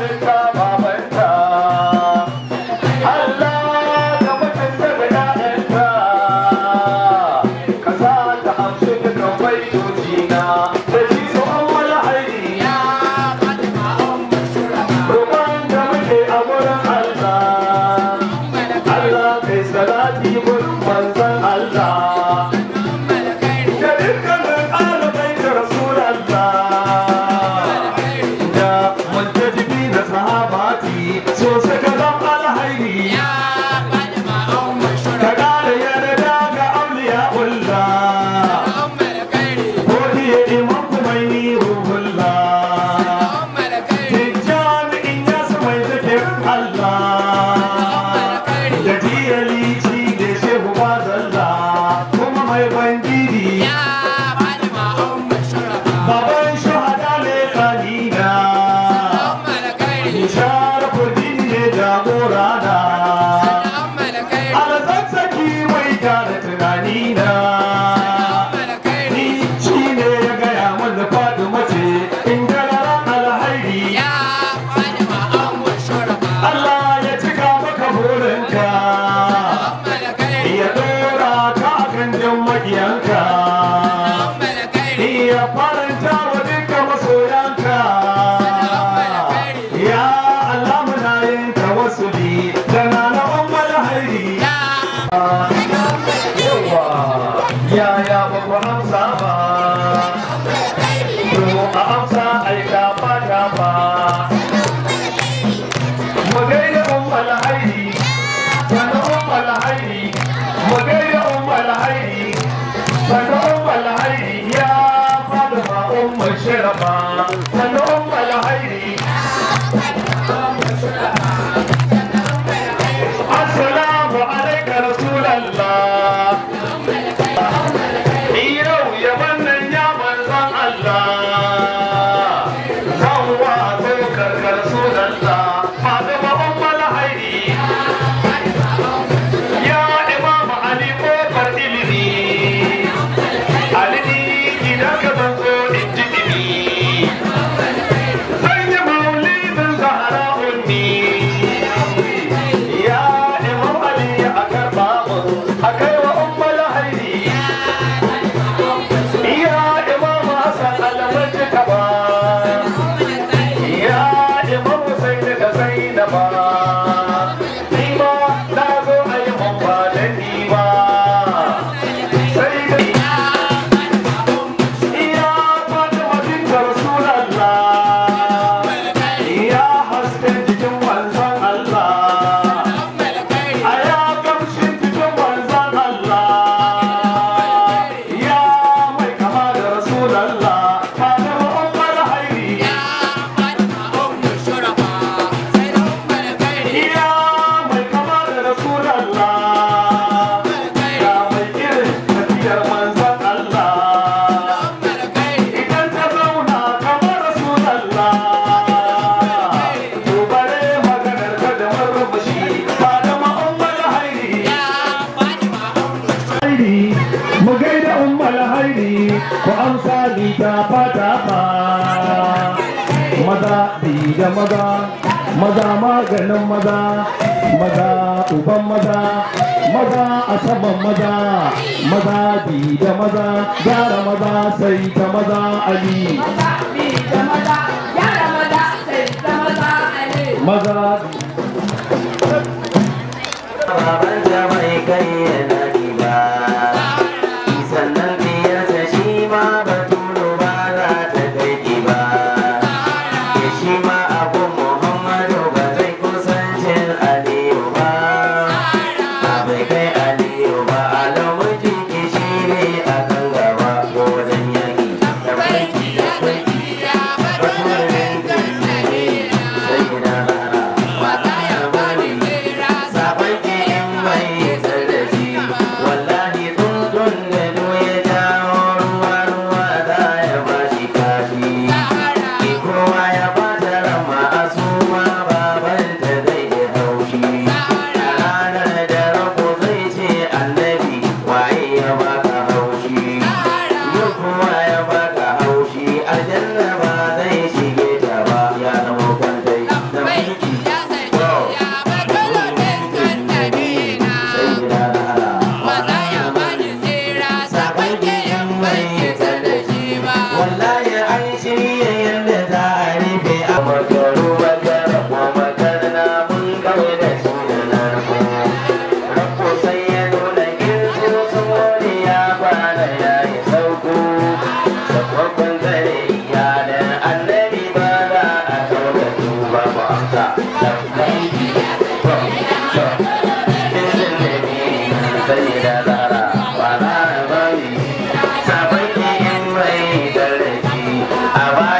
the time. maza maza maganin maza maza uban maza maza a saman maza maza bi da maza gyara maza sai ta maza ali maza maza ali maza Bye-bye.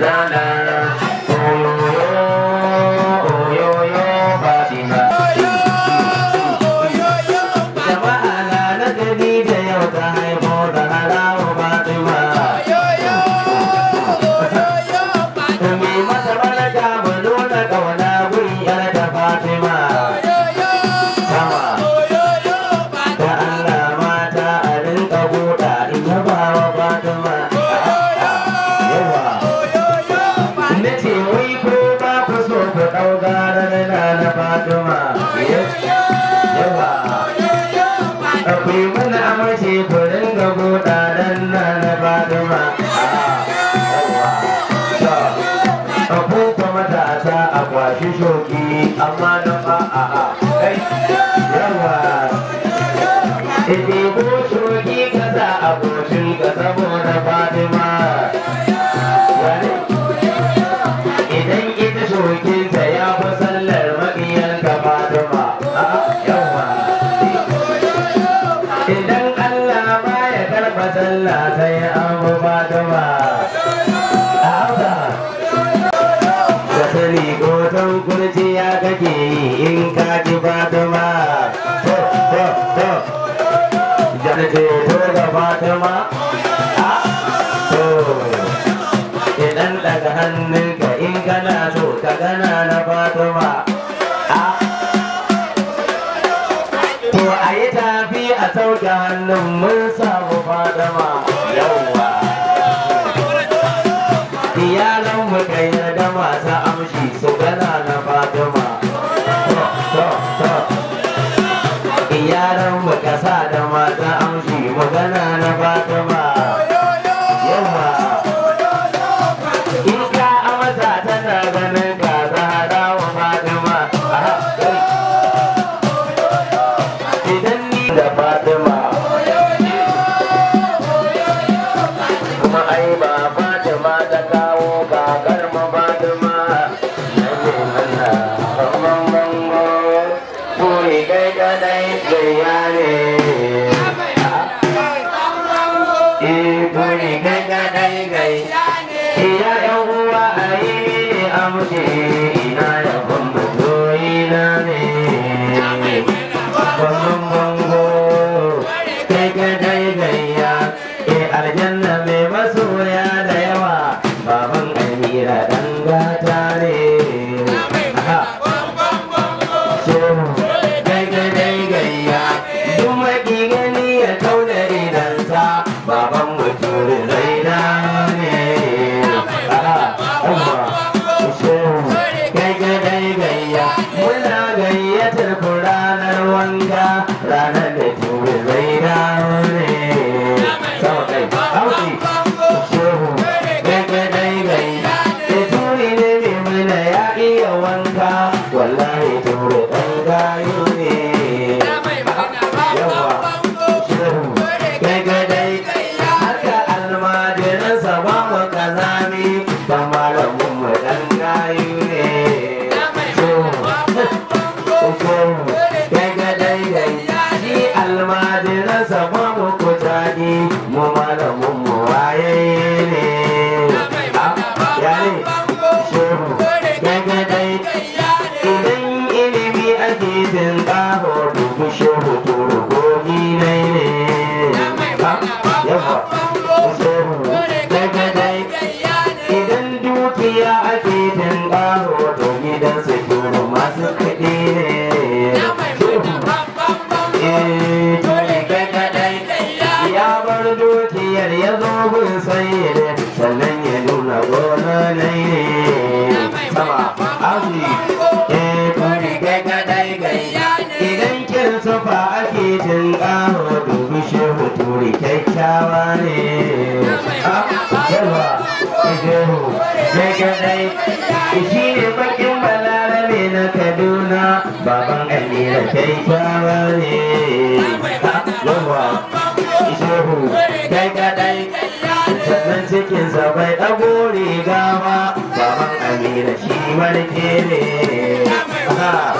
Come on. ah, ah, janareto da fatima ah, idan daga hannunka in kana so ka gana na fatima ah, to a yi tafi a sauke hannun Yeah. Mama ne sama aji idan kin sofa ake jin kawo dubu shehu turi kyakkyawa ne yawa shehu gaga dai shi ne na kaduna baban amira kyakkyawa ne dai sannan cikin sa bai dago riga ba baban amina shi marke ne